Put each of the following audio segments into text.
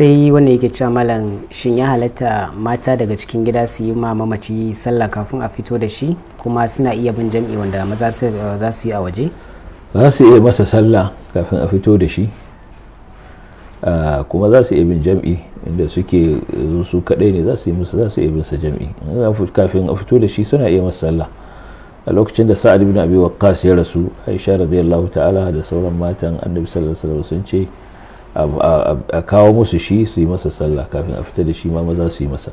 sai wanda yake cewa malam shin ya halatta mata daga cikin gida su yi ma mamaci sallah kafin a fito da shi kuma suna iya bin jam'i wanda maza za su yi a waje za su iya masa sallah kafin a fito da shi ah, kuma za su iya bin jam'i inda suke su kadai ne za su yi musu za su iya bin sa jam'i kafin a fito da shi suna iya masa sallah a lokacin da sa'ad ibn abi waqqas ya rasu aisha radiyallahu ta'ala da sauran matan annabi sallallahu alaihi wasallam sun ce a kawo musu shi su yi masa sallah kafin a fita da shi ma maza su yi masa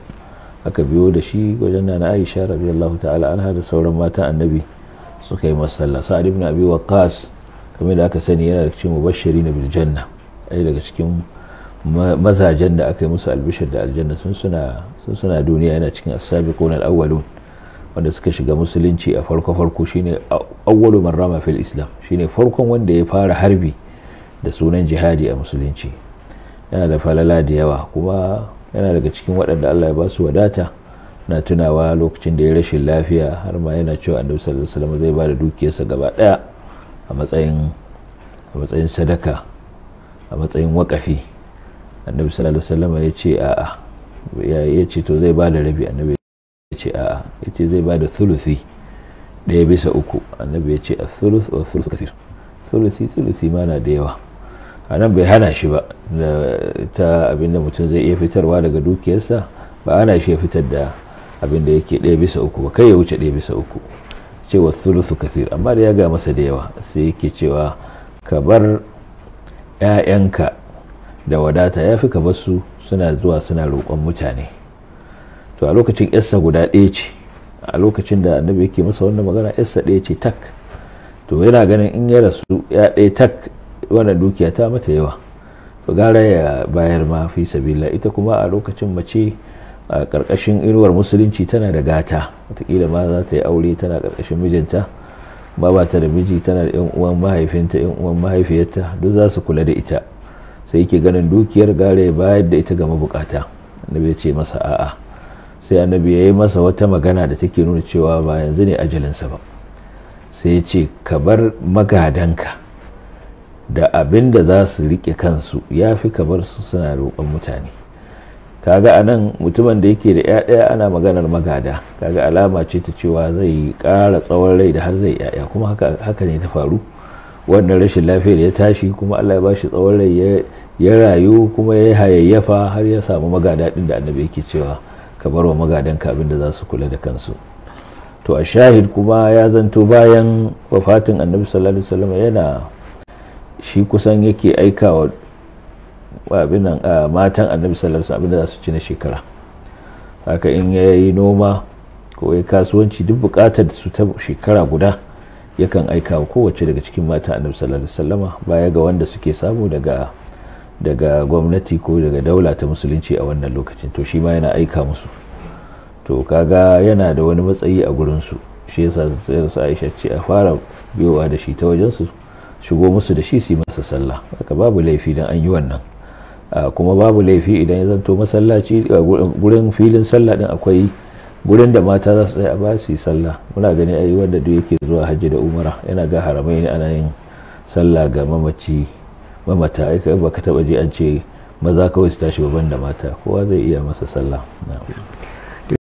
aka biyo da shi wajen na aisha radiyallahu ta'ala an da sauran matan annabi suka yi masa sallah sa'ad ibn abi waqqas kamar da aka sani yana da cikin mubashiri na biljanna ɗaya daga cikin mazajen da aka yi musu albishir da aljanna sun suna sun suna duniya yana cikin as-sabiqun al-awwalun wanda suka shiga musulunci a farko farko shine awwalu man rama fil islam shine farkon wanda ya fara harbi da sunan jihadi a musulunci yana da falala da yawa kuma yana daga cikin waɗanda allah ya ba su wadata na tunawa lokacin da ya rashin lafiya har ma yana cewa annabi sallallahu alaihi wasallam zai ba da dukiyarsa gaba daya a matsayin a matsayin sadaka a matsayin wakafi annabi sallallahu alaihi wasallam ya ce a'a ya ce to zai ba da rabi annabi ya ce a'a ya ce zai ba da thuluthi ɗaya bisa uku annabi ya ce a thuluth wa thuluth kathir thuluthi thuluthi ma na da yawa a nan bai hana shi ba ta abin da mutum zai iya fitarwa daga dukiyarsa ba ana shi ya fitar da abin da yake ɗaya bisa uku ba kai ya wuce ɗaya bisa uku cewa thuluthu kathir amma da ya ga masa da yawa sai yake cewa ka bar 'ya'yanka da wadata ya fi ka bar su suna zuwa suna roƙon mutane to a lokacin yarsa guda ɗaya ce a lokacin da annabi yake masa wannan magana yarsa ɗaya ce tak to yana ganin in ya rasu ya ɗaya tak wannan dukiya ta mata yawa to gara ya bayar ma fi sabila ita kuma a lokacin mace a karkashin inuwar musulunci tana da gata watakila ma za ta yi aure tana karkashin mijinta ba ba ta da miji tana da yan uwan mahaifinta yan uwan mahaifiyarta duk za su kula da ita sai yake ganin dukiyar gara ya bayar da ita ga mabukata annabi ya ce masa a'a sai annabi ya yi masa wata magana da take nuna cewa ba yanzu ne ajalinsa ba sai ya ce ka bar magadanka da abin da za su riƙe kansu ya fi kamar su suna roƙon mutane kaga a nan mutumin da yake da yaya ana maganar magada kaga alama ce ta cewa zai ƙara tsawon rai da har zai yaya kuma haka ne ta faru wannan rashin lafiyar ya tashi kuma allah ya ba shi tsawon rai ya rayu kuma ya hayayyafa har ya samu magada ɗin da annabi yake cewa ka bar wa ka abin da za su kula da kansu to a shahid kuma ya zanto bayan wafatin annabi sallallahu alaihi wasallam yana shi kusan yake aikawa abin nan matan annabi sallallahu alaihi abin da su ci na shekara haka in ya yi noma ko ya kasuwanci duk bukatar su ta shekara guda yakan aika wa kowace daga cikin mata annabi sallallahu alaihi baya ga wanda suke samu daga daga gwamnati ko daga daula ta musulunci a wannan lokacin to shi ma yana aika musu to kaga yana da wani matsayi a gurinsu shi yasa sai Aisha ce a fara biyowa da shi ta wajensu shigo musu da shi su yi masa sallah haka babu laifi dan an yi wannan kuma babu laifi idan ya zanto masallaci gurin filin sallah din akwai gurin da mata za su tsaya ba su yi sallah muna gani ai wanda duk yake zuwa hajji da umara yana ga haramai ne ana yin sallah ga mamaci mamata ai ba ka taba ji an ce maza kawai su tashi babban da mata kowa zai iya masa sallah